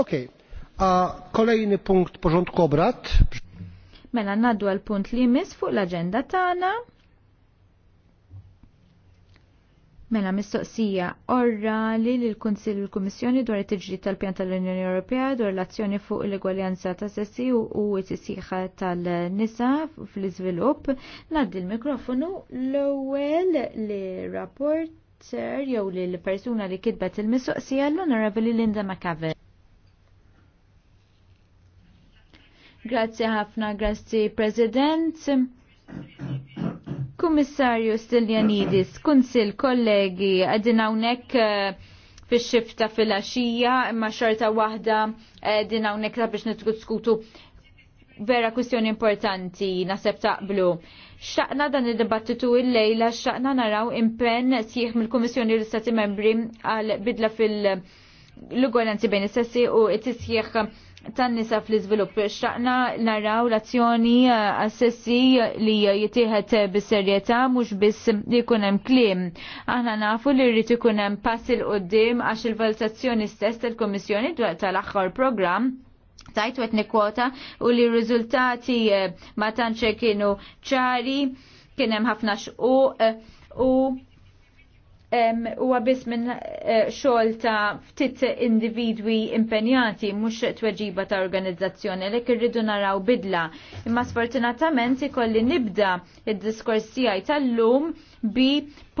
Ok, okay. kolejny punkt porządku obrad. Mela naddu għal punt li jmiss fuq l-agenda tagħna. Mela mistoqsija orra li l-Kunsill u l-Kummissjoni dwar it tiġri tal-pjan tal-Unjoni Ewropea dwar l-azzjoni fuq l-egwaljanza ta' sessi u t-tisieħa tal-nisa fl-iżvilupp. Naddi l-mikrofonu l-ewwel li rapport jew li l-persuna li kitbet il-mistoqsija l-Onorevoli Linda McAvey. Grazzi ħafna, grazie President. Kummissarju Stiljanidis, kunsil kollegi, għadin hawnhekk eh, fix xifta fil-axija, imma xorta waħda eh, din hawnhekk biex nitkutskutu vera kwistjoni importanti, naħseb taqblu xaqna dan il-dibattitu il-lejla xaqna naraw impen sieħ mill-Komissjoni l-Stati Membri għal bidla fil- l bejn is-sessi u it tisjieħ tan nisa fl-izvilupp. xaqna naraw l-azzjoni eh, assessi li jitieħed bis-serjetà mhux biss li jkun hemm kliem. Aħna nafu li rrid ikun hemm pass il qudiem għax il-valutazzjoni stess tal-Kummissjoni tal-aħħar programm tajt wet kwota u li r-riżultati eh, ma tantx kienu ċari kien hemm ħafna xquq eh, u huwa biss minn eh, xogħol ta' ftit individwi impenjati mhux tweġiba ta' organizzazzjoni lek irridu naraw bidla. Imma sfortunatament ikolli nibda id-diskors tiegħi tal-lum bi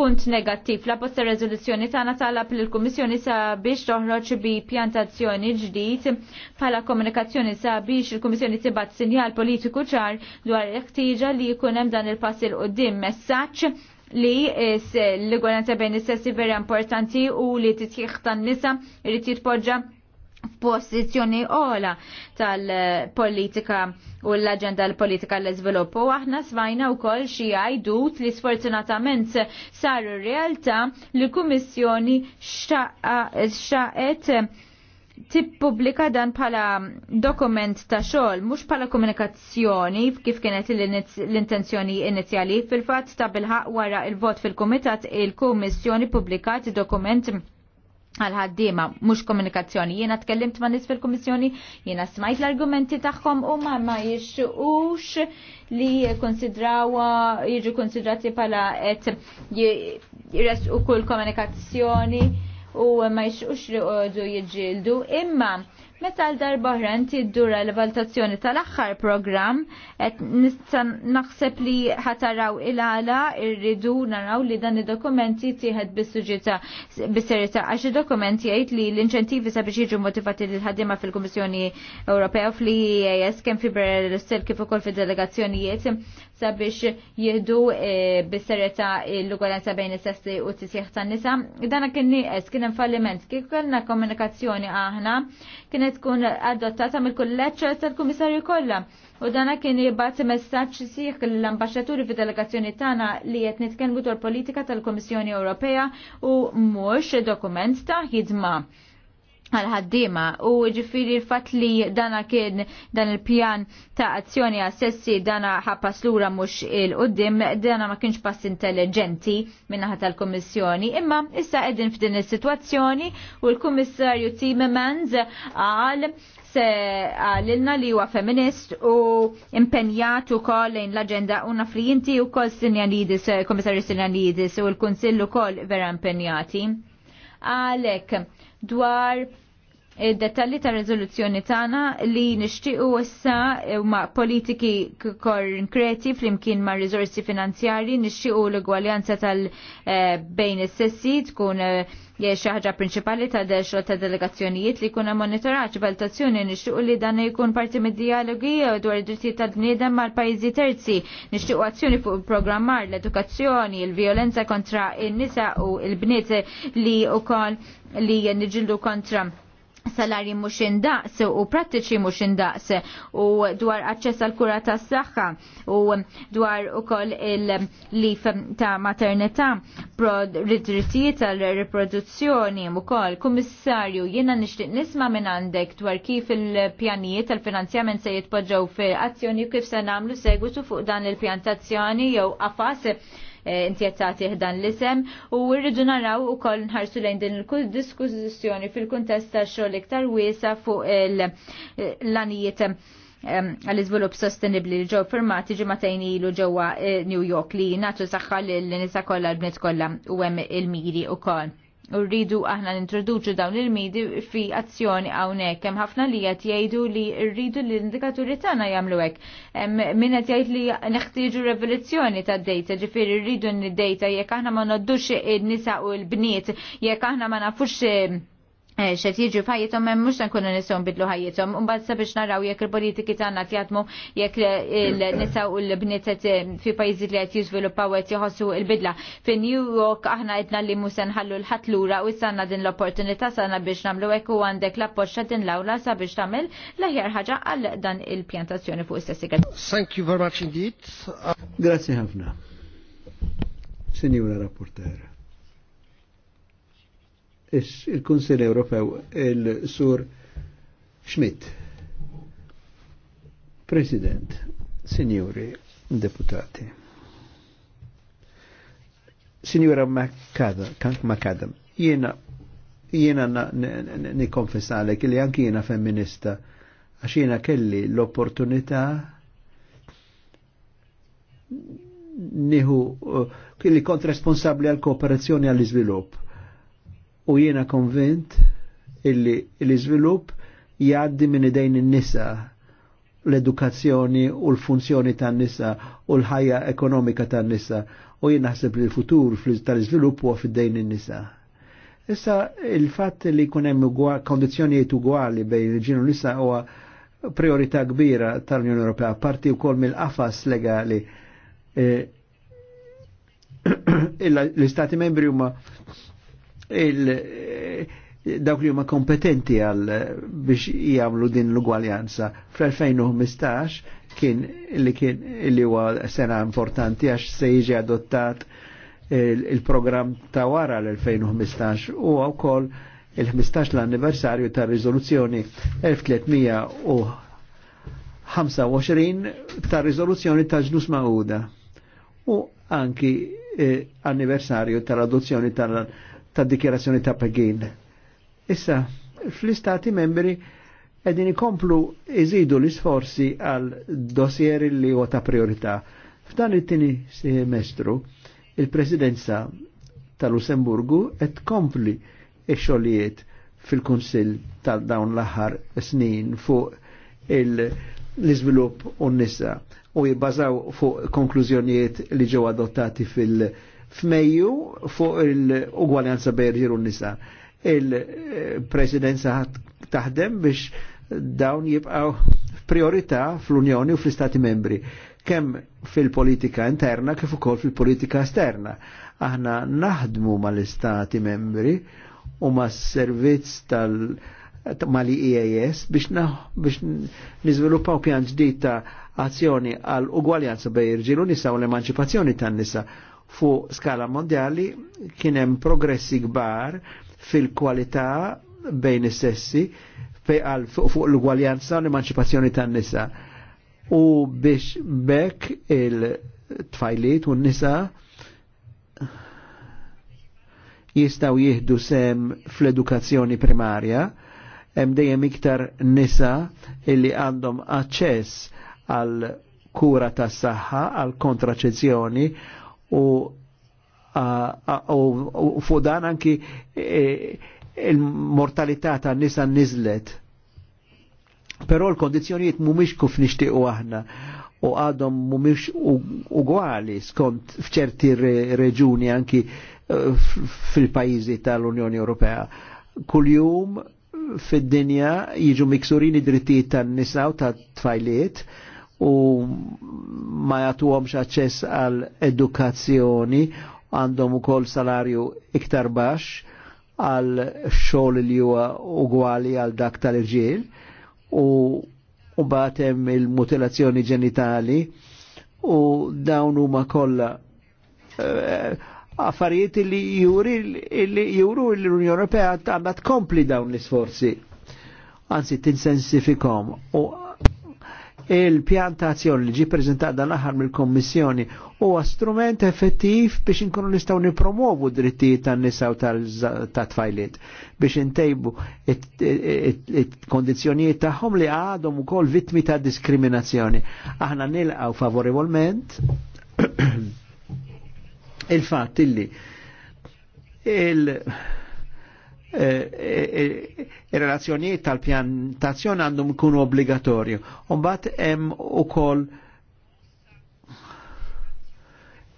punt negattiv. La posta rezoluzzjoni tagħna talab lill kummissjoni sabiex toħroġ bi pjantazzjoni ġdid bħala komunikazzjoni sabiex il-Kummissjoni tibat sinjal politiku ċar dwar il-ħtieġa li jkun hemm dan il-pass il qudiem messaġġ li l-igwalanza bejn is-sessi vera importanti u li titjieħ tan-nisa irid jitpoġġa f'pożizzjoni ola tal-politika u l-agenda l-politika l-izvilupp. U aħna svajna u koll xie għajdut li sfortunatament saru realtà li kummissjoni xaqet tippubblika dan bħala dokument ta' xogħol mhux bħala komunikazzjoni kif kienet l-intenzjoni inizjali fil-fatt ta' bilħaq wara il-vot fil-kumitat il-kummissjoni publikat dokument għal ħaddiema mhux komunikazzjoni. Jiena tkellimt ma' nies fil-kummissjoni, jiena smajt l-argumenti tagħhom u ma ma jixxuqux li konsidrawa jiġu konsidrati bħala qed u kull komunikazzjoni u ma jxux li uħdu jġildu imma meta l-darba ħren tiddura l-valutazzjoni tal-axħar program et nistan naħseb li ħataraw il-għala irridu naraw li dan id-dokumenti tieħed bis-suġġita bis-serjetà għax id-dokumenti jgħid li l-inċentivi sabiex jiġu motivati l ħaddiema fil-Kummissjoni Ewropea u fl-EAS kemm fi Brussel kif ukoll fid-delegazzjonijiet sabiex jihdu eh, bis-serjetà l-ugolanza bejn is-sessi u t-tisjeħ tan-nisa. Dana kien nieqes kien hemm falliment kif kellna komunikazzjoni aħna kienet tkun adottata mill-kulleġġ tal-Kummissarju kollha. U dana kien jibgħat messaġġ sieħ l ambasċaturi fid-delegazzjoni tagħna li qed nitkellmu dwar politika tal-Kummissjoni Ewropea u mhux dokument ta' ħidma għal-ħaddima u ġifiri l-fat li dana kien dan il-pjan ta' azzjoni għassessi dana ħapas lura mux il-qoddim dana ma kienx pass intelligenti minnaħat tal-Komissjoni imma issa edin f'din il-situazzjoni u l-Komissarju Timmermans għal se għalilna li huwa feminist u impenjat u koll lejn l-agenda u nafrijinti u koll Sinjanidis, Komissarju Sinjanidis u l-Konsillu koll vera impenjati. Għalek, dwar id-dettalli eh, ta' rezoluzzjoni tagħna li nixtiequ issa eh, ma' politiki konkreti flimkien ma' rizorsi finanzjarji nixtiequ l-egwaljanza tal eh, bejn is-sessi tkun xi ħaġa prinċipali ta' dexra ta' delegazzjonijiet li kuna monitoraċ monitoraġġ valutazzjoni nixtiequ li dan jkun parti mid-dialogi dwar id-drittijiet tal-bniedem mal-pajjiżi terzi. Nixtiequ azzjoni fuq programmar l-edukazzjoni, il-vjolenza kontra in-nisa u l-bniet li wkoll li niġildu kontra salari mhux indaqs u prattiċi mhux indaqs u dwar aċċess għal kura tas saħħa u dwar ukoll il-lif ta' maternità drittijiet tal riproduzzjoni koll kummissarju jiena nixtieq nisma' minn għandek dwar kif il-pjanijiet tal-finanzjament se jitpoġġew fi azzjoni kif se nagħmlu segwitu fuq dan il-pjantazzjoni jew qafas jattati eh, ħdan l-isem u rridu naraw u koll nħarsu lejn din il-kull diskussjoni fil-kuntest ta' xogħol iktar wiesa fuq l-anijiet għal izvolup sostenibli li ġew firmati ġimatajn ilu ġewwa eh, New York li natu saħħa l-nisa kollha l-bnet kollha u hemm il-miri koll u rridu aħna nintroduċu dawn il-midi fi azzjoni hawnhekk. Hemm ħafna li qed jgħidu li rridu l-indikaturi tagħna jagħmlu hekk. Min qed jgħid li neħtieġu revoluzzjoni tad-dejta, ġifieri rridu n data jekk aħna ma noddux in-nisa u l-bniet, jekk aħna ma nafux eh, Eh, xed jiġu f'ħajjithom hemm mhux nkunu bidlu nbidlu ħajjithom. Imbagħad sabiex naraw jekk il-politiki tagħna jatmu jekk il-nisa u l-bniet eh, fi pajjiżi li qed jiżviluppaw qed jħossu il bidla Fi New York aħna qedna li musen se nħallu l ħatlura lura u issa din l-opportunità sanna biex nagħmlu hekk u għandek l-appoġġ din l-awla sabiex tagħmel l-aħjar ħaġa għal dan il-pjantazzjoni fuq istessi Thank you very much indeed. Grazie ħafna. Senjura rapportera il-Kunsil Ewropew il-Sur Schmidt. President, Signori Deputati. Signora McAdam, jiena jiena nikonfessalek li anki jiena femminista għax jiena kelli l-opportunità niħu uh, kelli kont responsabli għal kooperazzjoni għall iżvilupp u jiena konvint illi l-iżvilupp jgħaddi minn idejn in-nisa l-edukazzjoni u l-funzjoni tan-nisa u l-ħajja ekonomika tan-nisa u jien naħseb li l-futur tal-iżvilupp huwa fid-dejn in-nisa. Issa il-fatt li jkun hemm kondizzjonijiet ugwali bejn il-ġin u nisa huwa priorità kbira tal-Unjoni Ewropea, parti wkoll mill-qafas legali. Eh, l-istati membri huma dawk li huma kompetenti għal biex jagħmlu din l-ugwaljanza. Fl-2015 kien li kien li huwa sena importanti għax se jiġi adottat il-programm ta' wara l-2015 u wkoll il-15 l-anniversarju ta' rizoluzzjoni 1325 ta' rizoluzzjoni ta' ġnus ma'uda u anki eh, anniversarju tal-adozzjoni tal ta' dikjerazzjoni ta' Pegin. Issa, fl-istati membri edin ikomplu iżidu l-isforzi għal dossieri li huwa ta' priorità. F'dan it-tieni semestru, il-presidenza tal-Lussemburgu qed kompli ix fil-Kunsill tal dawn l-aħħar snin fuq l-iżvilupp u nisa u jibbażaw fuq konklużjonijiet li ġew adottati fil- f'Mejju fuq il-ugwaljanza bejn u nisa. Il-presidenza taħdem biex dawn jibqaw priorità fl-Unjoni u fl-Istati membri kemm fil-politika interna kif ukoll fil-politika esterna. Aħna naħdmu mal-istati membri u mas-servizz tal- mali IAS biex, biex pjan ġdid ta' azzjoni għal ugwaljanza bej irġilu nisa u l emancipazzjoni tan nisa fu skala mondjali kienem progressi gbar fil-kwalità bejn is-sessi fuq l-ugwaljanza u l emancipazzjoni tan nisa u biex bekk il-tfajliet u n-nisa jistaw jihdu sem fl-edukazzjoni primarja, hemm dejjem iktar nisa illi għandhom aċċess għal kura tas saħħa għal kontraċezzjoni u fuq dan anki e, il-mortalità ta' nisa nizlet. Però l-kondizjonijiet mhumiex kif nixtiequ aħna u għadhom mhumiex ugwali skont fċerti reġuni anki e, fil pajjiżi tal-Unjoni Ewropea. Kuljum fid-dinja jiġu miksurini drittijiet tan-nisa u tat-tfajliet u ma jagħtuhomx aċċess għal edukazzjoni għandhom ukoll salarju iktar baxx għal xogħol li huwa ugwali għal dak tal-irġiel u u batem il-mutilazzjoni ġenitali u dawn huma kollha eh, affarijiet li juri li juru l-Unjoni Ewropea għandha tkompli dawn l-isforzi anzi tinsensifikom u il-pjantazzjoni li ġi prezentat dan aħar mill-Kommissjoni huwa strument effettiv biex inkunu nistgħu nipromovu drittijiet tan-nisa u tat-tfajliet biex intejbu it-kondizzjonijiet tagħhom li għadhom ukoll vittmi ta' diskriminazzjoni. Aħna nilqgħu favorevolment il-fatt illi il-, -il il-relazzjonijiet eh, eh, eh, tal pjantazzjon għandhom ikunu obbligatorju. Umbat hemm ukoll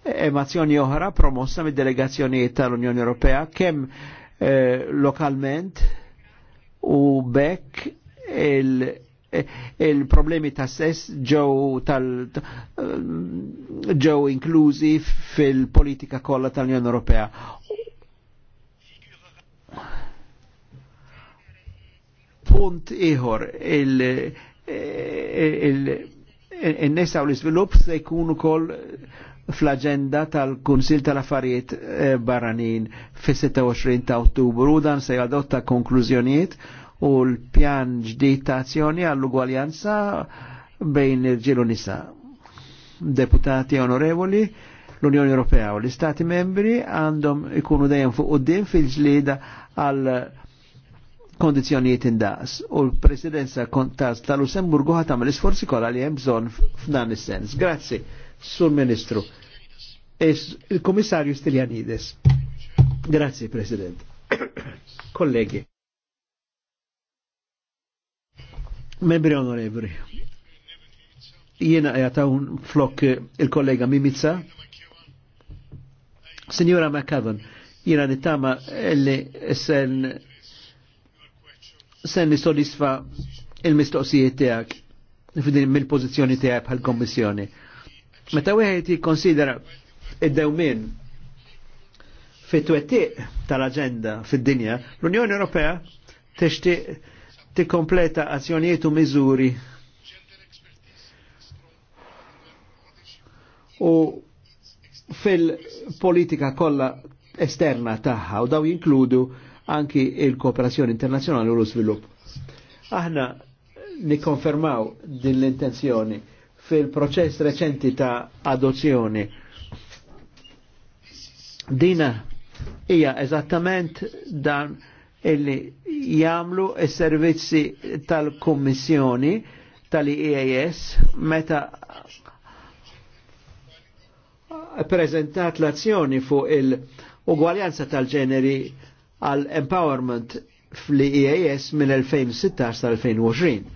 emazzjoni oħra promossa mid-delegazzjonijiet tal-Unjoni Ewropea kemm lokalment u bekk il- il-problemi ta' sess ġew tal ġew inklużi fil-politika kollha tal-Unjoni Ewropea. Punt iħor il il-nessa u l-iżvilupp se jkunu kol fl-agenda tal-Kunsil tal-Affarijiet eh, Barranin fis-26 ta' Ottubru dan se jadotta konklużjonijiet u l-pjan ġdid ta' azzjoni għall-ugwaljanza bejn irġiel u nisa. Deputati onorevoli, l-Unjoni Ewropea u l-Istati membri għandhom ikunu dejjem fuq quddiem fil-ġlieda għal kondizjonijiet indaqs u l-presidenza kontas tal-Lussemburgu ħatam l-isforzi kolla li hemm bżonn f'dan is-sens. Grazzi, Sur Ministru. Il-Komissarju Stiljanides. Grazzi, President. Kollegi. Membri onorevoli, jiena jatawn flok il-kollega Mimica, Signora McCavan, jiena nittama li sen sen nisodisfa il-mistoqsijiet tiegħek f'din mill-pożizzjoni tiegħek bħal-Kommissjoni. Meta wieħed jikkonsidera id-dewmien fit-twettiq tal-aġenda fid-dinja, l-Unjoni Ewropea tixtieq tikkompleta azzjonijiet u miżuri u fil-politika kollha esterna tagħha u daw jinkludu anki il-kooperazzjoni internazjonali u l-svilupp. Aħna nikonfermaw din l-intenzjoni fil-proċess reċenti ta' adozzjoni. Dina hija eżattament dan illi jamlu s-servizzi tal-Kommissjoni tal-IAS meta prezentat l-azzjoni fuq il-ugwaljanza tal-ġeneri għal empowerment fl-EAS mill-2016 tal-2020.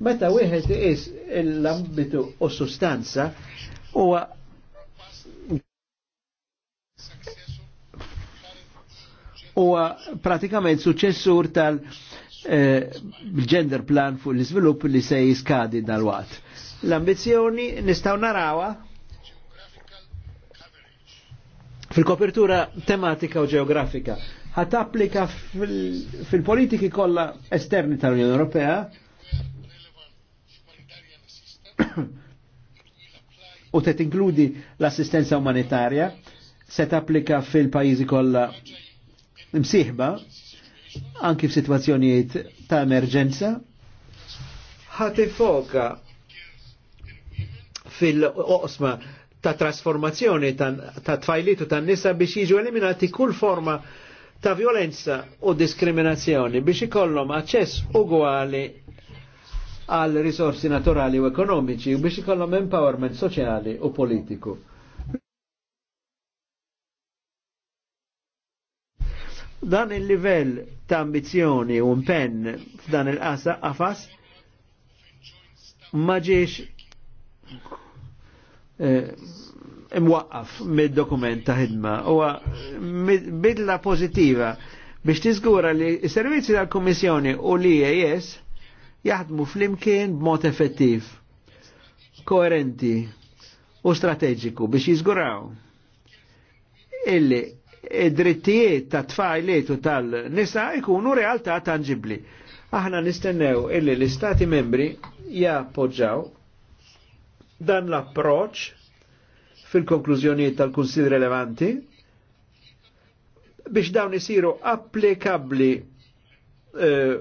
Meta wieħed is l-ambitu u sustanza huwa huwa pratikament suċessur tal-gender eh, plan fuq l-iżvilupp li se jiskadi dal-wat. L-ambizjoni nistgħu narawha fil-kopertura tematika u ġeografika ħat applika fil-politiki fil kolla esterni tal-Unjoni Ewropea u te tinkludi l-assistenza umanitarja se applika fil pajizi kolla msieħba anki f f'sitwazzjonijiet ta' emerġenza ħat foka fil-oqsma ta' trasformazzjoni ta' tfajlitu ta' nisa biex jiġu eliminati kull forma ta' violenza u diskriminazzjoni biex ikollhom aċċess ugwali għal risorsi naturali u ekonomiċi u biex ikollhom empowerment soċjali u politiku. Dan il-livell ta' ambizjoni u impenn f'dan il-qasa qafas ma ġiex Eh, imwaqqaf mid-dokument ta' ħidma huwa bidla pozitiva biex tiżgura li s-servizzi tal-Kummissjoni u l-IAS jaħdmu flimkien b'mod effettiv, koerenti u strateġiku biex jiżguraw illi id-drittijiet ta' tfajliet u tal-nisa jkunu realtà tangibli. Aħna nistennew illi l-Istati membri jappoġġaw dan l-approċ fil-konklużjonijiet tal-Kunsil relevanti biex dawn isiru applikabli eh,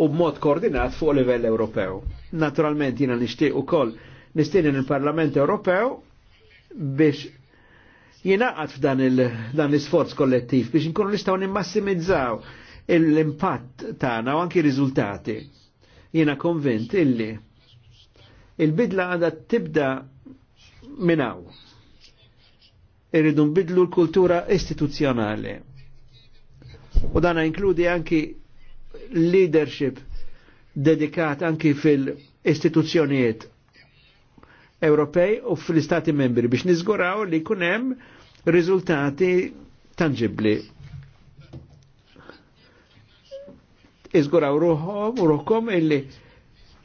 u b'mod koordinat fuq livell Ewropew. Naturalment jina nixtieq ukoll nistieni il-Parlament Ewropew biex jinaqat f'dan l-isforz kollettiv biex nkunu nistgħu nimmassimizzaw l-impatt tagħna u anki riżultati. Jiena konvint illi Il-bidla għada tibda minnaw. Irridu nbidlu l-kultura istituzjonali. U dana inkludi anki leadership dedikat anki fil istituzjoniet Ewropej u fil-Istati membri biex nizguraw li kunem rizultati tangibli. Izguraw ruħom u ruħkom illi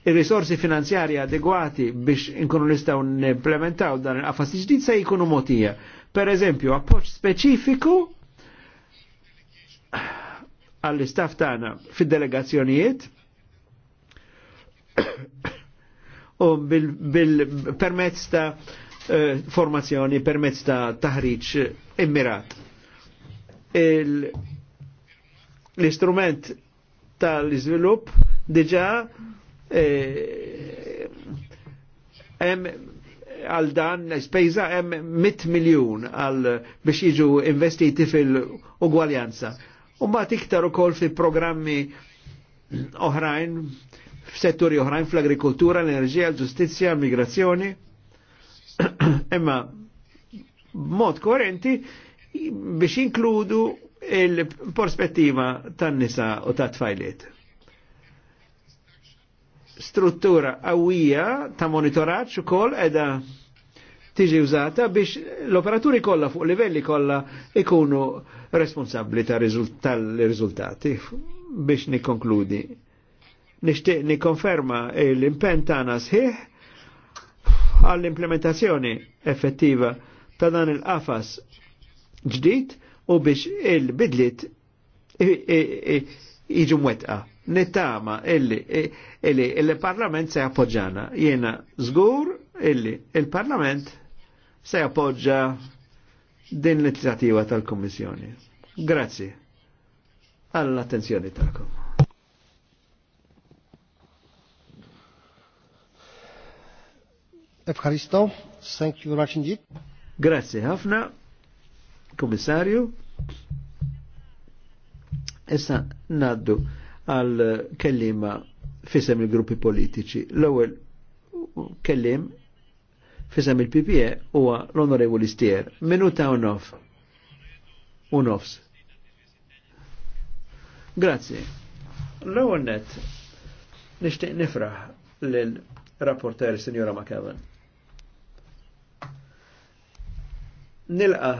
il-risorsi finanzjarji adegwati biex inkunu nistaw n-implementaw dan il-qafas ġdid se jkunu motija. Per eżempju, appoċ speċifiku għall-istaff tagħna fid-delegazzjonijiet u bil-permezz ta' eh, formazzjoni, permezz ta' taħriġ immirat. L-istrument tal-iżvilupp diġa' E, għal dan spejza hemm mit miljun għal biex jiġu investiti fil-ugwaljanza. U mbagħad iktar ukoll fi programmi oħrajn f'setturi oħrajn fl-agrikoltura, l-enerġija, l-ġustizzja, l-migrazzjoni. Imma mod koerenti biex inkludu il prospettiva tan-nisa u tat-tfajliet struttura għawija ta' u ukoll edha tiġi użata biex l-operaturi kollha fuq livelli kollha ikunu responsabbli tal-riżultati. Biex nikkonkludi. Nixtieq nikkonferma l-impenn tagħna sħiħ għall-implementazzjoni effettiva ta' dan il-qafas ġdid u biex il bidlit iġu mwetqa nittama illi illi il-Parlament se jappoġġana. Jiena zgur illi il-Parlament se jappoġġa din l-inizjattiva tal-Kommissjoni. Grazie għall-attenzjoni tagħkom. Efkaristo, thank you very much Grazie ħafna, Komissarju. Issa naddu għal kellim fisem il-gruppi politiċi. L-ewwel kellim fisem il-PPE u l-Onorevoli Stier. Minuta u nof. U nofs. Grazzi. l ewel net nixtieq nifraħ l rapporter Signora McEwan. Nilqa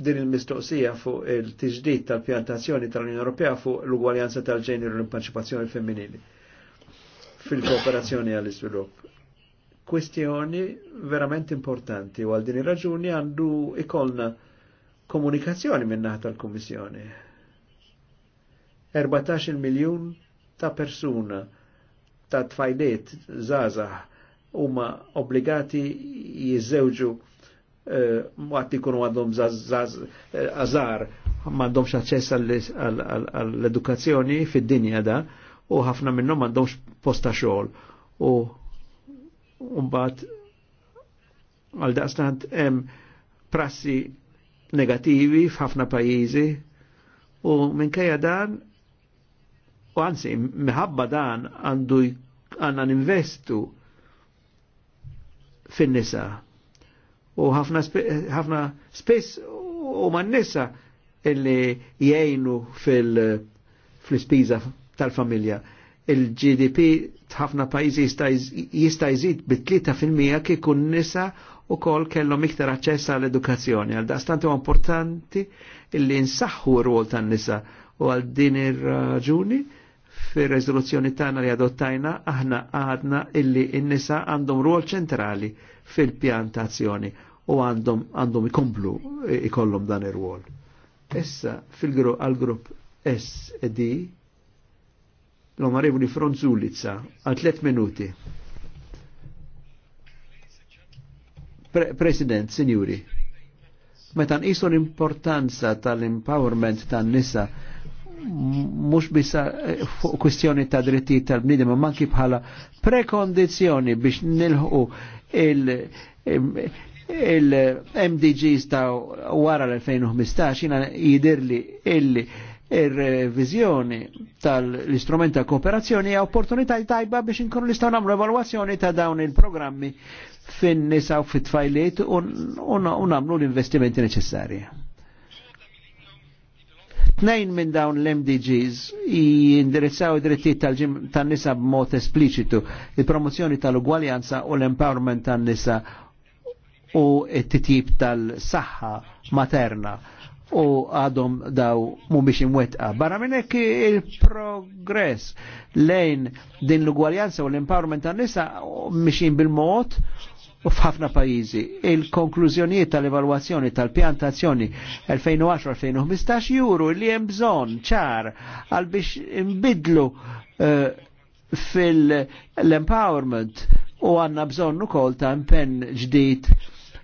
din il-mistoqsija fuq il-tiġdid tal-pjantazzjoni tal-Unjoni Ewropea fuq l-ugwaljanza tal-ġeneri u l impaċipazzjoni femminili fil-kooperazzjoni għall-iżvilupp. Kwestjoni verament importanti u għal din ir-raġuni għandu ikolna komunikazzjoni minnaħ tal-Kummissjoni. 14 miljun ta' persuna ta' tfajdiet zazah huma obbligati jiżewġu għat eh, ikunu għandhom għazar, eh, għandhom xaċċess għall-edukazzjoni fid-dinja da, u ħafna minnom għandhom posta xogħol. U mbagħad għal daqstant hemm prassi negativi f'ħafna pajjiżi u minkejja dan u anzi minħabba dan għandu għanna ninvestu fin-nisa u ħafna spess u man nisa illi jgħinu fil spiza tal-familja. Il-GDP ħafna pajizi jista' jżid bit-3% kieku nisa u kol kellhom iktar aċċess għall edukazzjoni għal daqstant huwa importanti illi nsaħħu r-rwol tan-nisa u għal din ir-raġuni fir-reżoluzzjoni tagħna li adottajna aħna għadna illi n-nisa għandhom ruol ċentrali fil-pjantazzjoni u għandhom għandhom ikomplu e, ikollhom dan ir-rwol. Issa fil-grupp għal-grupp SD l li Fronzulizza għal tliet minuti. Pre President, sinjuri, meta nqisu l-importanza tal-empowerment tan-nisa mhux bisa eh, fuq kwistjoni ta' dritti tal-bnidem, ma' manki bħala prekondizzjoni biex nilħu il- il-MDGs ta' wara l-2015 jina jidirli illi il-revizjoni tal-istrument ta' kooperazzjoni hija opportunità tajba biex inkunu nistgħu nagħmlu evalwazzjoni ta' dawn il-programmi fin-nisa u fit-tfajliet u nagħmlu l-investimenti neċessarji. Tnejn minn dawn l-MDGs jindirizzaw id-drittijiet tan-nisa b'mod espliċitu, il promozjoni tal-ugwaljanza u l-empowerment tan-nisa u t tip tal-saħħa materna u għadhom daw mumiex imwetqa. Barra minnek il-progress lejn din l-ugwaljanza u l-empowerment tan nisa miexin bil-mod u f'ħafna pajizi. Il-konklużjonijiet tal-evalwazzjoni tal-pjantazzjoni 2010-2015 juru li hemm bżonn ċar għal biex imbidlu uh, eh, fil-empowerment u għanna bżonn ukoll ta' impenn ġdid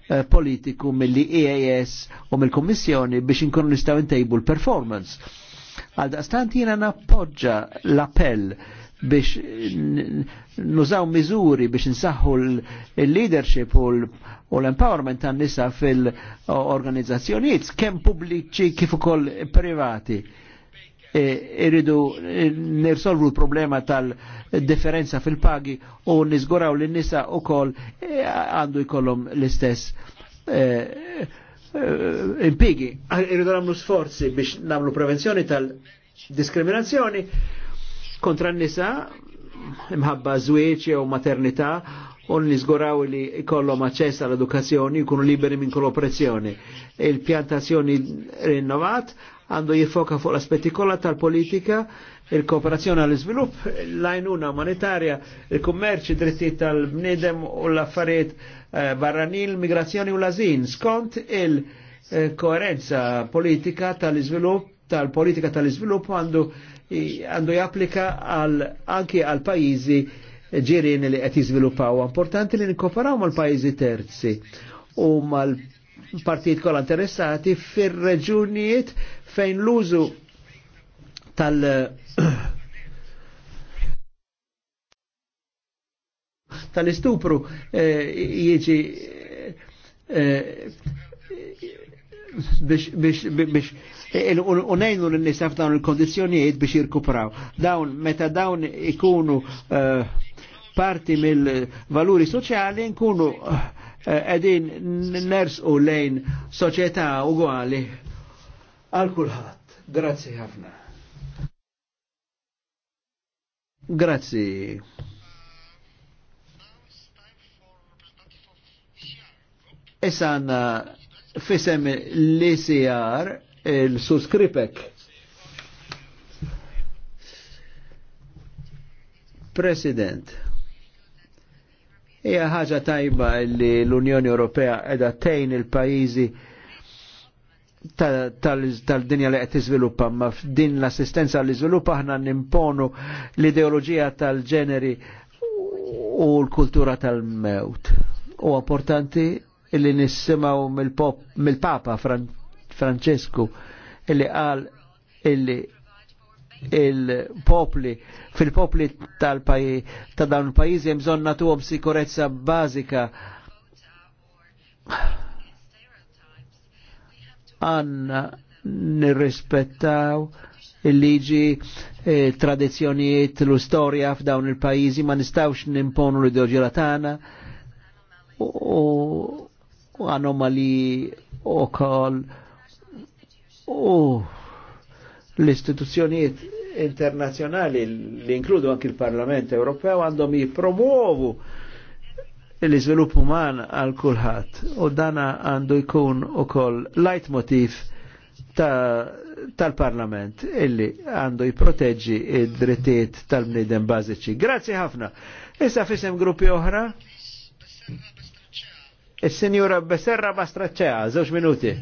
Eh, politiku mill-EAS u mill-Kommissjoni biex inkunu nistaw intejbu l-performance. Għal daqstant jina nappoġġa l-appell biex nużaw miżuri biex nsaħħu l-leadership u l-empowerment tan nisa fil-organizzazzjonijiet, kemm pubbliċi kif ukoll privati E, iridu e, nirsolvu l-problema tal-differenza fil-pagi u nizguraw l nisa u kol e, għandu jkollom l-istess impigi. Iridu namlu sforzi biex namlu prevenzjoni tal-diskriminazzjoni kontra n-nisa imħabba zwieċ u maternità un li li kollom aċċess għall edukazzjoni jkunu liberi minn kol oppressjoni. Il-pjantazzjoni rinnovat għandu jifoka fuq l-aspetti kollha tal-politika, il-kooperazzjoni għall iżvilupp l-għajnuna monetarja, il-kummerċ, id-dritti tal-bnidem u l-affarijiet eh, barranil, migrazzjoni u l-azin, skont il-koerenza politika tal-iżvilupp tal-politika tal-iżvilupp għandu għandu japplika għal anki għal pajjiżi ġirin li qed jiżviluppaw. Importanti li nikkoperaw mal-pajjiżi terzi u mal-partijiet kollha interessati fir-reġunijiet fejn l-użu tal- tal-istupru eh, jieġi eh, biex eh, unajnu l nisaf dawn il-kondizjonijiet biex jirkupraw. Dawn, meta dawn ikunu parti mill-valuri soċjali nkunu edin ners u lejn soċjetà ugwali għal kulħadd. Grazzi ħafna. Grazzi. Issa għanna fisem l-ICR il-suskripek. President, hija ħaġa tajba li l-Unjoni Ewropea edha tejn il pajizi tal-dinja li qed tiżviluppa, ma f'din l-assistenza li żviluppa aħna nimponu l-ideoloġija tal-ġeneri u l-kultura tal-mewt. U importanti illi nissimaw mill-Papa Francesku illi qal illi il-popli, fil-popli tal-pajiz, ta' dawn il-pajizi jemżon natuhom sikurezza bazika għanna nirrispettaw il-liġi eh, tradizjonijiet l-istorja f'dawn il-pajizi ma nistawx nimponu l-ideologija tagħna u anomali u kol u l-istituzzjonijiet internazjonali li inkludu anki il-Parlament Ewropew għandhom jipromuovu l-iżvilupp uman għal kulħadd u dana għandu jkun ukoll leitmotiv tal-Parlament ta illi għandu jproteġġi id-drittijiet tal bnidem bażiċi. Grazzi ħafna. Issa fisem gruppi oħra? Is-Sinjura Beserra Bastraċċea, żewġ minuti.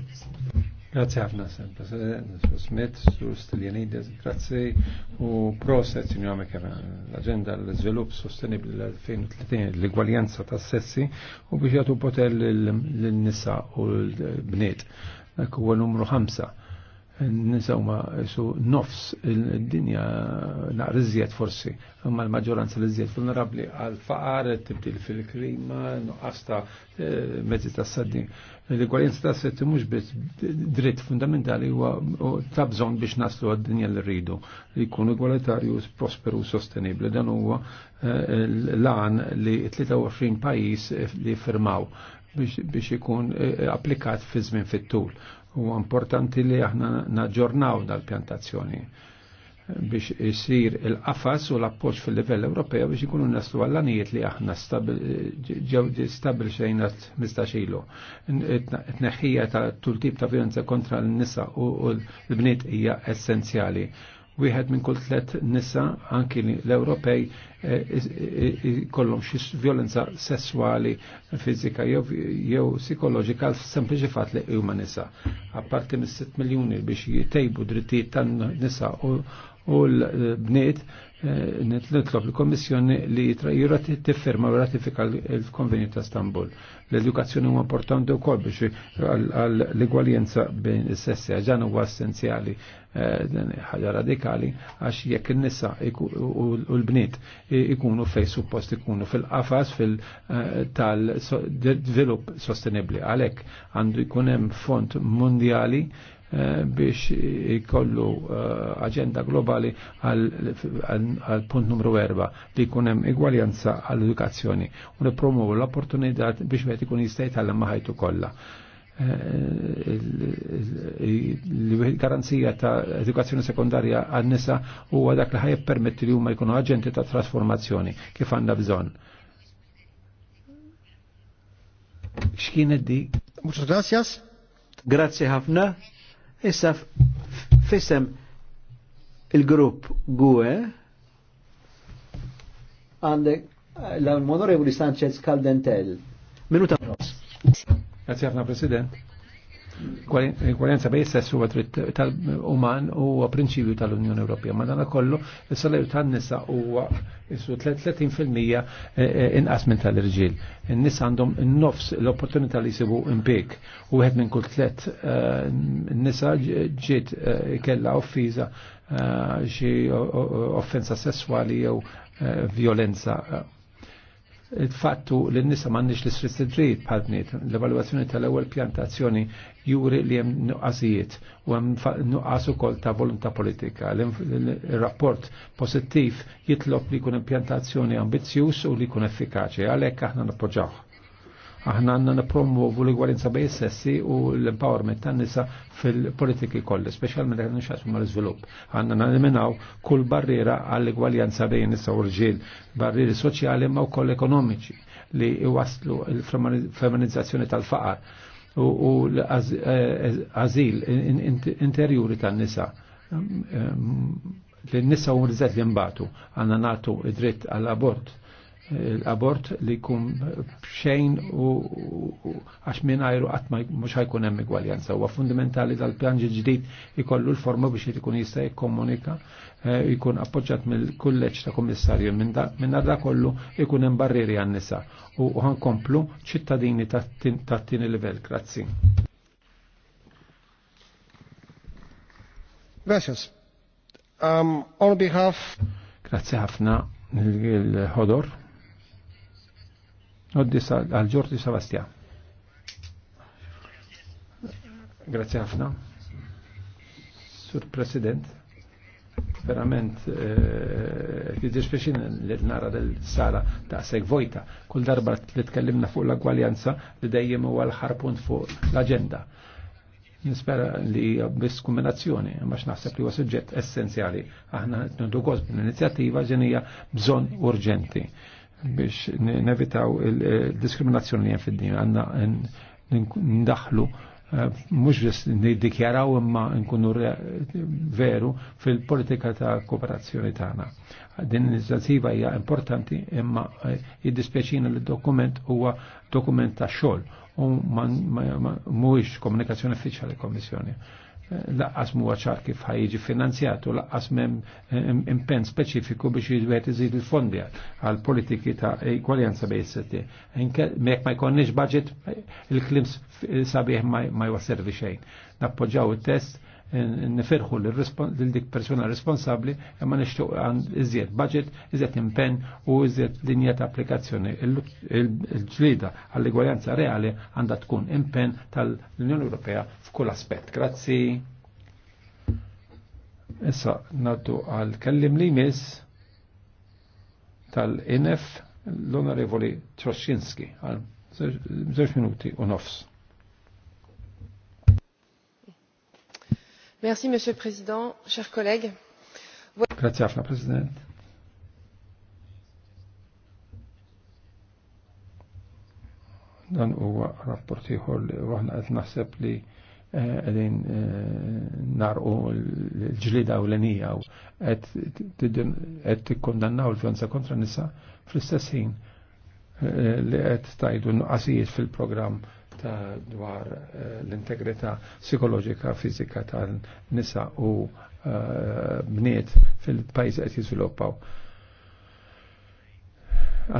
Grazie ħafna, President, su Smet, su Stiljanides, grazie u proset, signora Mekera, l-agenda l-svilup sostenibli l-2030, l-igwaljanza ta' sessi u biex jgħatu poter l-nisa u l-bniet. Dak huwa numru 5 ma su nofs il-dinja naqrizziet forsi, imma l-maġġoranza li zjed vulnerabli għal-faqar, tibdil fil-klima, nuqasta mezzi ta' s-saddi. L-egwaljenza ta' s-saddi mux bit dritt fundamentali huwa ta' bżon biex naslu għad-dinja li rridu li jkun egwalitarju, prosperu, sostenibli. Dan huwa eh, l-għan li 23 pajis li firmaw biex ikun eh, applikat fi żmien fit-tul. U importanti li aħna naġġornaw dal-pjantazzjoni biex isir il-qafas u l-appoġġ fil-livell Ewropew biex ikunu naslu għall għanijiet li aħna ġew stabil xejna 15 ilu. Tneħħija ta' tul tip ta' violenza kontra l-nisa u l-bniet hija essenzjali wieħed minn kull tlet nisa anki l-Ewropej eh, kollhom xi violenza sessuali, fiżika jew psikoloġika sempliċi fatt li huma nisa. Apparti mis-6 miljuni biex jtejbu drittijiet tan-nisa u l-bniet nitlob l-Kommissjoni li tifferma u ratifika l-Konvenju ta' Istanbul. L-edukazzjoni huwa importanti wkoll biex għall-igwaljenza bejn is-sessi ġan huwa essenzjali ħaġa radikali għax jekk in-nisa u l-bniet ikunu fej suppost ikunu fil-qafas fil qafas fil tal develop sostenibbli. Għalhekk għandu jkun hemm fond mondjali Eh, biex ikollu eh, agenda globali għal punt numru 4 li jkun hemm igwaljanza għall edukazzjoni u nippromovu l-opportunità biex wieħed ikun jista' jitgħallem maħajtu kollha. Eh, garanzija ta' edukazzjoni sekundarja għan-nisa huwa dak li ħajja permetti li huma jkunu aġenti ta' trasformazzjoni kif għandha bżonn. X'kienet di? Muchas gracias. Grazie ħafna. Issa fissem il-grupp GUE għandek l-onorevoli Sanchez Caldentel. Minuta nos. Grazie, President. L-gwaljanza bej sess huwa dritt tal-uman huwa prinċipju tal-Unjoni Ewropea. Ma dana kollu is-salarju tan-nisa huwa isu 30% eh, eh, inqas minn tal-irġiel. in nisa għandhom nofs l-opportunità li jsibu impik. U għed minn kull tliet eh, nisa ġiet kella offiża xi offensa sesswali jew violenza il-fattu li n-nisa mannix l-istess dritt bħal bniet. L-evaluazzjoni tal-ewwel pjantazzjoni juri li hemm nuqqasijiet u hemm nuqqas ukoll ta' volontà politika. l rapport pożittiv jitlob li jkun impjantazzjoni ambizzjuż u li jkun effikaċi għalhekk aħna nappoġġawh. Aħna għanna nipromovu l-igwalinza bej sessi u l-empowerment tan nisa fil-politiki kolli, specialment għan nxasmu mal izvilup Għanna naliminaw kull barriera għall-igwaljanza bej nisa u rġil, barrieri soċjali ma' u koll ekonomiċi li iwaslu l-feminizzazzjoni tal-faqar u l-azil eh, interjuri tan-nisa l-nisa u mriżet li mbatu għanna natu id-dritt għall-abort l-abort li jkun xejn u għax minn għajru għat mux għajkun hemm igwaljanza. U fundamentali tal-pjan ġdid ikollu l-forma biex jkun jista' jikkomunika eh, jkun appoġġat mill-kulleġġ ta' kommissarju minn da kollu jkun hemm barrieri għan-nisa u ħankomplu ċittadini tat-tieni livell. Grazzi. Gracias. Um, on behalf... Grazie ħafna il-ħodor. Noddis għal Ġordi Sebastia. Grazie ħafna. Sur President, verament fiexin eh, l nara del sala ta' seg vojta. Kull darba li tkellimna fuq l-agwaljanza li dejjem u l ħarpunt fuq l-agenda. Nispera li biss kombinazzjoni, ma naħseb li huwa suġġett essenzjali. Aħna ndu għosb l-inizjattiva ġenija bżonn urġenti biex nevitaw il-diskriminazzjoni li fid-din għanna ndaħlu eh, mux biss dikjaraw imma nkunu veru fil-politika ta' kooperazzjoni tagħna. Din l hija importanti imma eh, jiddispjaċina l dokument huwa dokument ta' xogħol u mhuwiex komunikazzjoni uffiċjali komissjoni laqqas muwa ċar kif ħajġi finanzjatu, laqqas mem impen speċifiku biex jidwet iżid il-fondi għal politiki ta' ekwaljanza bej s-setti. Mek ma jkonniġ budget il-klims sabiħ ma jwasservi xejn. Nappoġġaw il-test nifirħu l-dik persona responsabli imma nixtuq għan iżjed budget, iżjed impenn u iżjed linja ta' applikazzjoni. Il-ġlida għall-igwaljanza reali għandha tkun impenn tal-Unjoni Ewropea f'kull aspett. Grazzi. Issa natu għal kellim li miss tal-INF l-Onorevoli Troszczynski għal minuti u nofs. Merci, Monsieur le Président, chers collègues. Grazie, Afna, President. Dan huwa rapport ieħor li waħna qed naħseb li eh, qegħdin eh, narqu l-ġlida u l-enija u qed tikkondannaw l vjonza kontra nisa fl-istess ħin eh, li qed tajdu nuqqasijiet fil-programm ta' dwar eh, l-integrità psikoloġika, fizika ta' nisa u eh, bniet fil-pajz qed jiżviluppaw.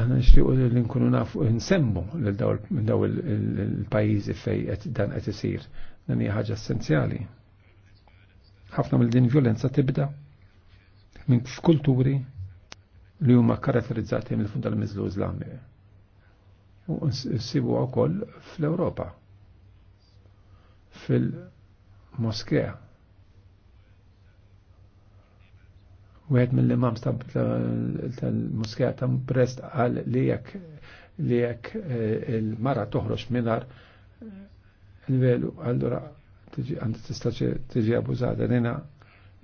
Aħna nixtiequ li nkunu nafu nsemmu lil daw il-pajjiżi fej qed dan qed isir. Dan hija ħaġa essenzjali. Ħafna mill din violenza tibda minn f'kulturi li huma karatterizzati mill-fundamentalizmu Iżlamiku u nsibu wkoll fl-Ewropa fil-moskea. Wieħed mill-imams tal-moskea ta' Brest qal li jekk li jekk eh, il-mara toħroġ minar nvelu eh, allura għandha tista' tiġi abbużata nina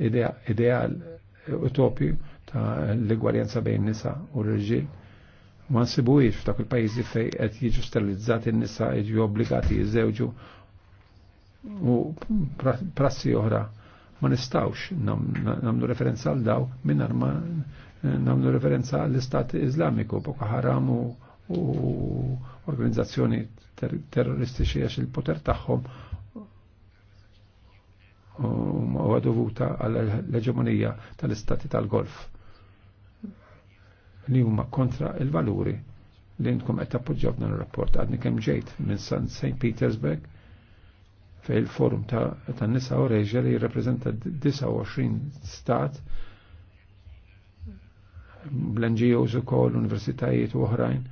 ideal eh, utopi ta' l-egwarjenza bejn nisa u r reġil ma nsibuhiex f'dak il-pajjiżi fejn qed jiġu sterilizzati n-nisa jiġu obbligati jiżewġu u prassi oħra ma nistawx namlu referenza għal daw minnar ma namlu referenza għall istat Islamiku Boko Haram u, organizzazzjoni terroristiċi għax il-poter tagħhom u għadu vuta għall-leġemonija tal-istati tal-golf li huma kontra il-valuri li nkom qed tappoġġjaw dan ir-rapport. Għadni kemm ġejt minn San St. Petersburg fej il-forum ta' nisa u reġa li jirrappreżenta 29 stat bl-NGOs u koll, universitajiet u oħrajn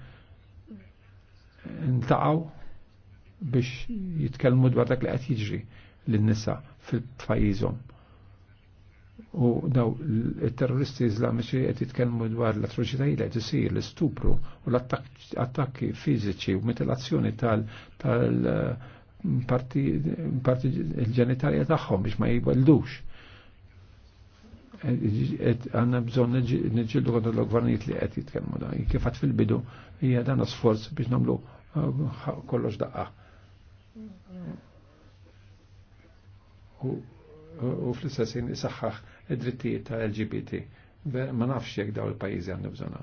ntaqaw biex jitkellmu dwar dak li qed jiġri lin-nisa fil-pajjiżhom u daw il-terroristi izlamiċi qed jitkellmu dwar l-atroċitajiet li qed isir l-istupru u l-attakki fiziċi u mutilazzjoni tal parti il-ġenitalja tagħhom biex ma jibaldux għanna bżon nġildu għadu l-gvernijiet li għet jitkelmu da. Kifat fil-bidu, hija dan sforz biex namlu uh, kollox daqqa. U fl-istessin isaxħax id-drittijiet ta' LGBT. Ma nafx jek daw il pajizi għandu bżonna.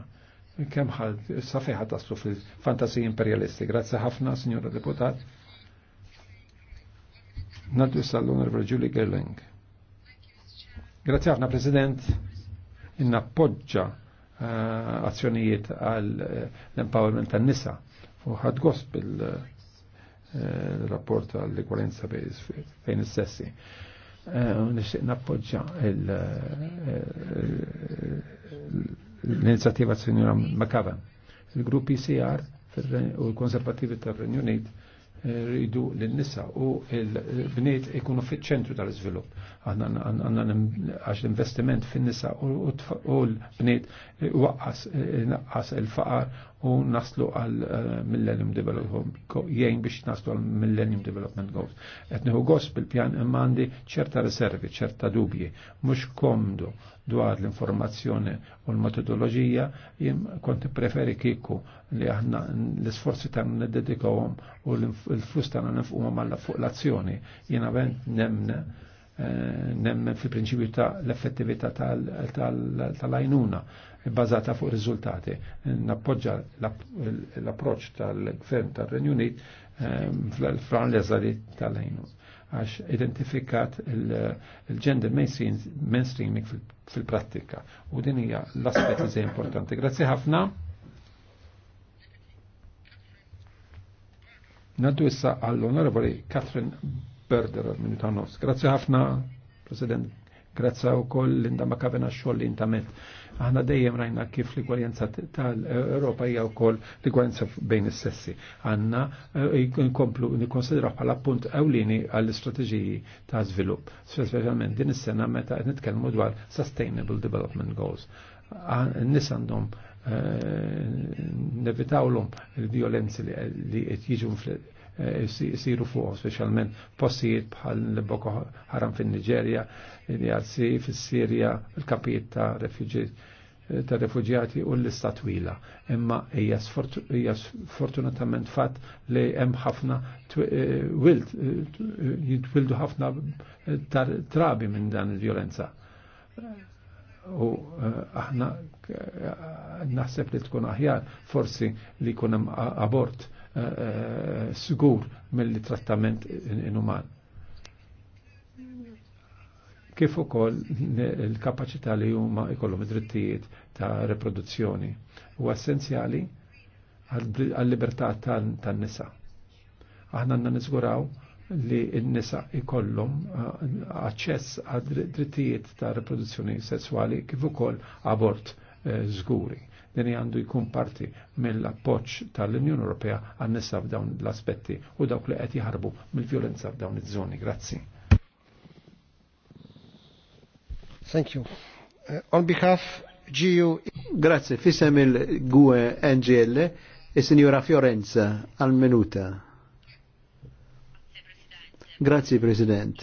Kemm ħadd safeħa taslu fil fantasi imperialisti. Grazie ħafna, Signora Deputat. Naddu sal-Onorevole Julie Gerling. Grazie ħafna, President. Inna Innappoġġa eh, azzjonijiet għal eh, l-empowerment tan-nisa u ħad gosp il eh, rapport għall-ekwalenza fejn is-sessi. Eh, nixtieq nappoġġa eh, l-inizjattiva Signora McCavan. Il-grupp ICR e u l-Konservativi tar-Renju Unit eh, rridu l-nisa u l-bniet ikunu fiċ-ċentru tal-iżvilupp. Għanna għax l investiment fin-nisa u l-bniet waqqas il-faqar u naslu għal eh, Millennium Development jgħin biex naslu għal Millennium Development Goals. Etniħu għos bil-pjan imandi eh, ċerta riservi, ċerta dubji, mux komdu dwar l-informazzjoni u l-metodologija, jim konti preferi kiku li aħna l-sforzi n-dedikawom u l-flus n nifquma malla fuq l-azzjoni. jina bent nemne eh, nemmen fil-prinċipju ta' l-effettività tal-ajnuna bazata fuq rizultati. Nappoġġa l-approċċ tal-Gvern tar-Renju Unit ehm, fl-għan l approċ tal gvern tal renju unit fl fran l tal ħinu għax identifikat il-gender mainstreaming fil-prattika. U din hija l-aspet li importanti. Grazzi ħafna. Naddu issa għall-Onorevoli Katrin Berder minuta nofs. Grazzi ħafna, President. Grazie u koll Linda Makavena xoll li intamet Aħna dejjem rajna kif l-igwaljanza tal-Europa hija wkoll l-igwaljanza bejn is-sessi. Għandna eh, nkomplu nikkonsidraw bħala punt ewlieni għall-istrateġiji ta' żvilupp, speċjalment din is-sena meta qed nitkellmu dwar Sustainable Development Goals. Nis għandhom eh, nevitawlhom il-violenzi li qed jiġu jisiru eh, fuq, specialment postijiet bħal Boko Haram fin nigeria l-Jazzi fil-Sirja, il-kapijiet ta' ta' refugjati u l-lista twila. Imma hija sfortunatament fatt li hemm ħafna eh, wild eh, jitwildu ħafna trabi minn dan il-vjolenza u aħna naħseb li tkun aħjar forsi li jkun hemm abort Eh, eh, sigur mill-trattament inuman kif ukoll il-kapaċità li huma jkollhom id-drittijiet ta' reproduzzjoni huwa essenzjali għall-libertà tan-nisa. Aħna għandna niżguraw li n-nisa jkollhom eh, aċċess għad drittijiet ta' reproduzzjoni sessuali kif ukoll abort żguri. Din għandu jkun parti mill appoċ tal-Unjoni Ewropea għan-nisa f'dawn l-aspetti u dawk li qed jaħarbu mill-vjolenza f'dawn iż-żoni. Grazzi. Thank you. Uh, on behalf GU Grazie, fissem il-GUE NGL il-Signora Fiorenza al-Menuta Grazie President.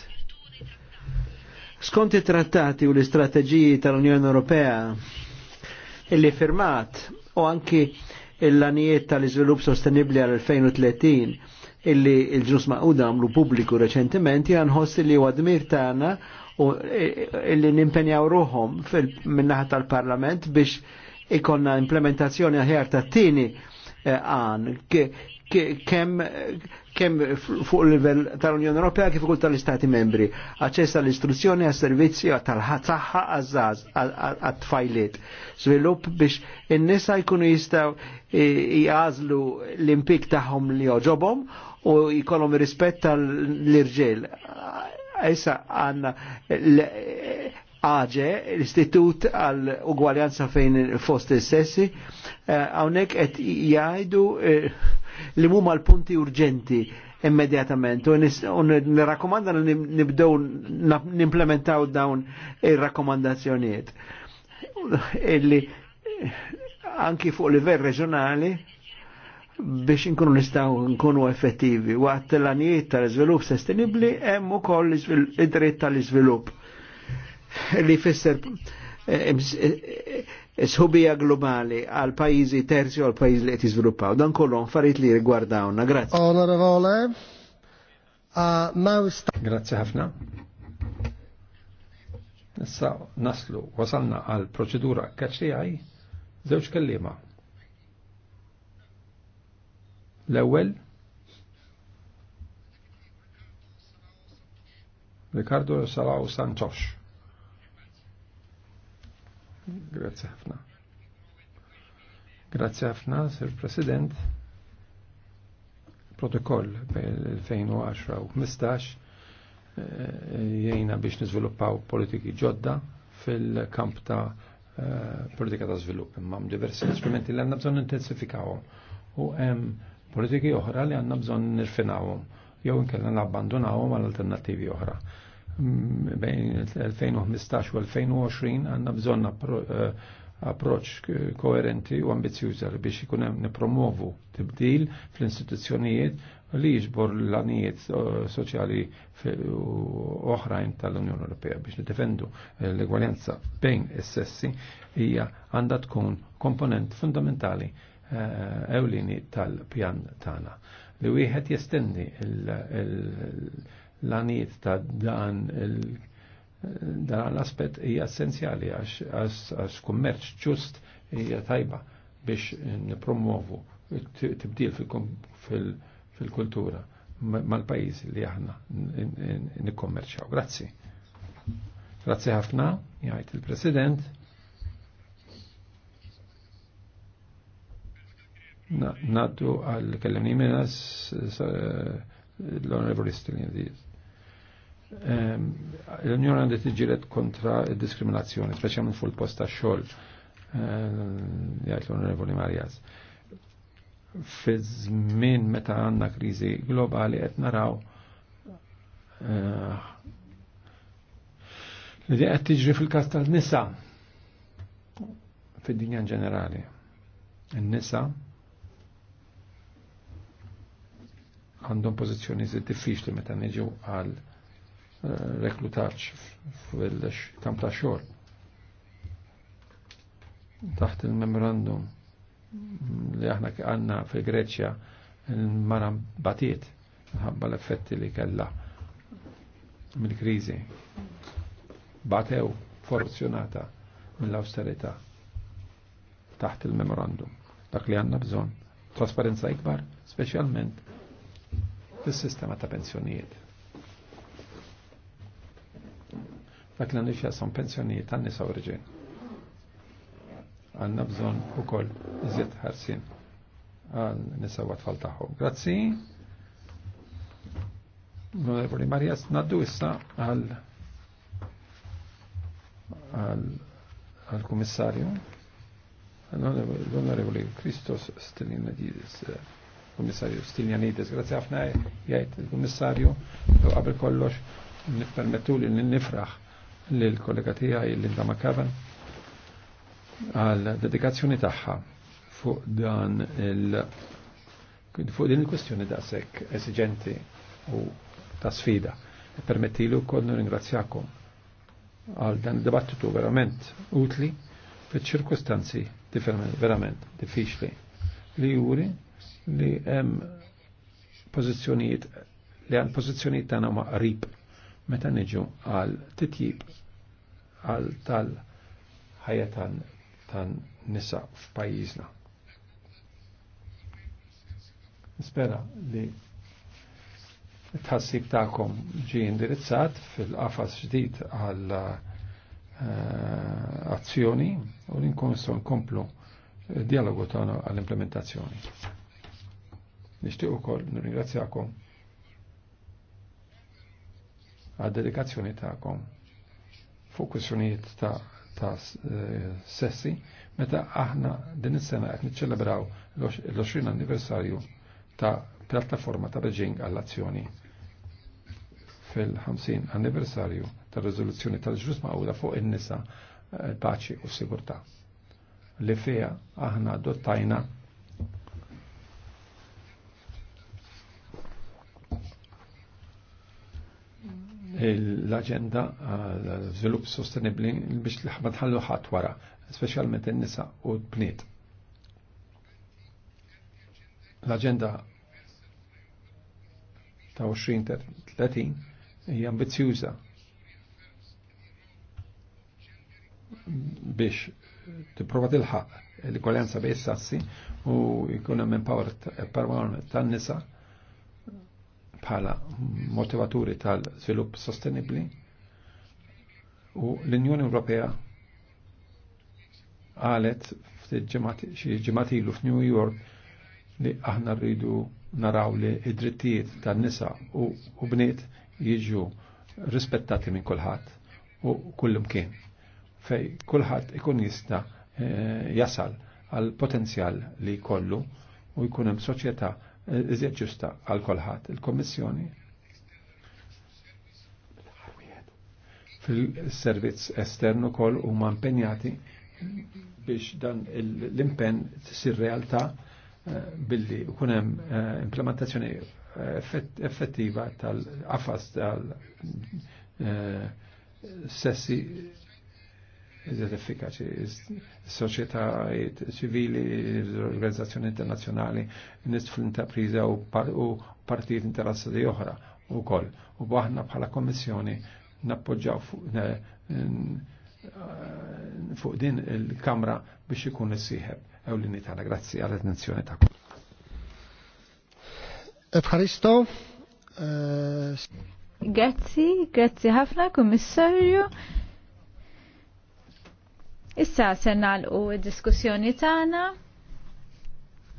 Skont i trattati u l-istrateġiji tal-Unjoni Ewropea illi firmat u anki il-lanijiet tal-iżvilupp sostenibli għal-2030 illi il-ġus maquda għamlu pubbliku reċentiment jgħanħoss li għadmir tagħna u e, illi nimpenjaw ruħom minnaħat tal-parlament biex ikonna implementazzjoni ħjar ta' tini e, għan kemm kemm fuq il level tal-Unjoni Ewropea kif ukoll tal-Istati membri. Aċċess għall-istruzzjoni għas-servizzi tal-ħazzaħħa għaż-żgħaż għat-tfajliet. Svilupp biex in-nisa jkunu jistgħu jgħażlu l-impik tagħhom li joġobhom u jkollhom rispett tal-irġiel. Issa għandna għaġe l-Istitut għal ugwaljanza fejn fost is-sessi, eh, hawnhekk qed jgħidu eh, li mu mal punti urġenti immedjatament. U nirrakkomanda li nibdew nimplementaw dawn ir-rakkomandazzjonijiet. Illi anki fuq livell reġjonali biex inkunu nistaw nkunu effettivi. Waqt l-anijiet tal-izvilup sostenibli hemm ukoll id-dritt tal-izvilup li fisser sħubija globali għal pajizi terzi għal pajizi li għet jiżviluppaw. Dan kolon, farit li rigwardawna. Grazie. Onorevole, Grazie ħafna. Issa naslu wasalna għal proċedura għaj, zewċ kellima. l ewel Ricardo Salao Santos. Grazie ħafna. Grazie ħafna, Sir President. Protokoll bil-2010 u 15 eh, jgħina biex nizviluppaw politiki ġodda fil-kamp ta' eh, politika ta' svilupp. Imma diversi instrumenti li għanna bżon intensifikawhom. U hemm politiki oħra li għanna bżon nirfinawhom jew inkella nabbandunawhom għal alternattivi oħra bejn 2015 u 2020 għanna bżonna eh, approċ koherenti u ambizjuża li biex ikun hemm nipromovu tibdil fl-istituzzjonijiet li jiġbor l-anijiet soċjali oħrajn tal-Unjoni Ewropea biex nidefendu l-egwaljanza bejn is-sessi hija għandha tkun komponent fundamentali eh, ewlini tal-pjan tagħna. Li wieħed jestendi il- l-għaniet ta' dan dan l-aspet hija essenzjali għax kummerċ ġust hija tajba biex nipromovu tibdil fil-kultura mal-pajiz li aħna nikkommerċaw. Grazzi. Grazzi ħafna, jgħid il-President. Naddu għal kellimni minna l-Onorevoli Stilin Ehm, L-Unjoni għandha tiġilet kontra diskriminazzjoni, speċjalment fuq il-post ta' xogħol, ehm, jgħid l-Onorevoli Marjas. Fi żmien meta għandna kriżi globali qed naraw ehm, li qed tiġri fil-każ tal-nisa fid-dinja ġenerali. In-nisa għandhom pożizzjoni diffiċli meta niġu għal reklutaċ fil-kamp ta' xogħol. Taħt il-memorandum li aħna għanna fil-Greċja mara batiet ħabba l-effetti li kella mill-krizi. Batew forzjonata mill austerita taħt il-memorandum. Dak li għanna bżon. Trasparenza ikbar, specialment fil-sistema ta' pensjonijiet. dak li nixja son pensjonijiet tan nisa u rġin. Għanna bżon u koll iżiet ħarsin għal nisa u għatfall taħħom. Grazzi. Onorevoli Marjas, naddu issa għal għal għal komissarju l-onorevoli Kristos Stilinadidis eh, komissarju Stilinadidis grazzi għafna jgħajt il-komissarju għabel kollox nippermettu li nifraħ l-kollega tiegħi Linda McCavan għal dedikazzjoni tagħha fuq dan il fuq din il-kwestjoni da' sekk esiġenti u ta' sfida. Permettilu kollu ringrazzjakom għal dan il-dibattitu verament utli fiċ ċirkustanzi verament diffiċli li juri li hemm pożizzjonijiet li għal pożizzjonijiet tagħna ma qrib meta niġu għal titjib għal tal-ħajja tan, tan nisa f'pajjiżna. Nispera li tħassib ta'kom ġi indirizzat fil-qafas ġdid għal eh, azzjoni u li nkun nkomplu dialogu tagħna għall-implementazzjoni. Nixtieq ukoll nirringrazzjakom għad-dedikazzjoni ta'kom fuq kwistjonijiet ta' ta' eh, sessi meta aħna din is-sena qed niċċelebraw l-20 anniversarju ta' pjattaforma ta' Beijing għall-azzjoni fil-50 anniversarju tar riżoluzzjoni tal-ġlus ma'għuda fuq in-nisa eh, paċi u sigurtà li fija aħna dottajna. l-agenda għal-żvilupp sostenibli biex l-ħmad ħallu ħadd wara, specialment in-nisa u l-bniet. L-agenda ta' 2030 30 hija ambizjuża. biex tipprova tilħaq l-ikwaljanza bejn sassi u jkun hemm empowerment tan-nisa bħala motivaturi tal-svilupp sostenibli u l-Unjoni Ewropea għalet xi ġimgħat f'New York li aħna rridu naraw li id-drittijiet tan-nisa u, u bniet jiġu rispettati minn kulħadd u kullimkien fej kulħadd ikun jista' eh, jasal għal potenzjal li jkollu u jkun hemm soċjetà iżjed ġusta għal kolħat. Il-Kommissjoni fil-servizz esternu kol u impenjati biex dan l-impen tsir realtà eh, billi kunem eh, implementazzjoni eh, effettiva tal afas tal-sessi iżjed effikaċi. Soċieta ċivili, organizzazzjoni internazzjonali, nist fl-intrapriża u partijiet interessati oħra u koll. U bħahna bħala kommissjoni nappoġġaw fuq din il-kamra biex ikun s-sieħeb. siħeb Ewlini tagħna, grazzi għal attenzjoni ta' kull. Efħaristo. Eh, grazzi, grazzi ħafna, kummissarju. Issa se nagħlqu u diskussjoni tagħna.